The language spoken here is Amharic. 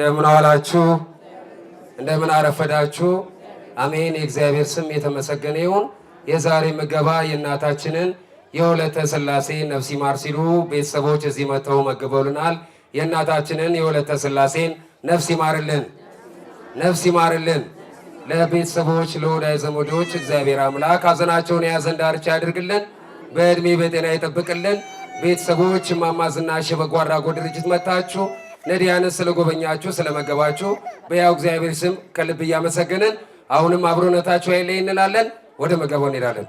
እንደምን አላችሁ? እንደምን አረፈዳችሁ? አሜን። የእግዚአብሔር ስም የተመሰገነ ይሁን። የዛሬ ምገባ የእናታችንን የወለተ ስላሴ ነፍስ ይማር ሲሉ ቤተሰቦች እዚህ መጥተው መግበውልናል። የእናታችንን የወለተ ሥላሴን ነፍስ ይማርልን፣ ነፍስ ይማርልን። ለቤተሰቦች ለወዳጅ ዘመዶች እግዚአብሔር አምላክ ሐዘናቸውን የያዘን ዳርቻ ያድርግልን፣ በእድሜ በጤና ይጠብቅልን። ቤተሰቦች እማማ ዝናሽ የበጎ አድራጎት ድርጅት መጥታችሁ ለዲያነት ስለጎበኛችሁ ስለመገባችሁ በያው እግዚአብሔር ስም ከልብ እያመሰገንን አሁንም አብሮነታችሁ አይለይ እንላለን። ወደ መገባው እንሄዳለን።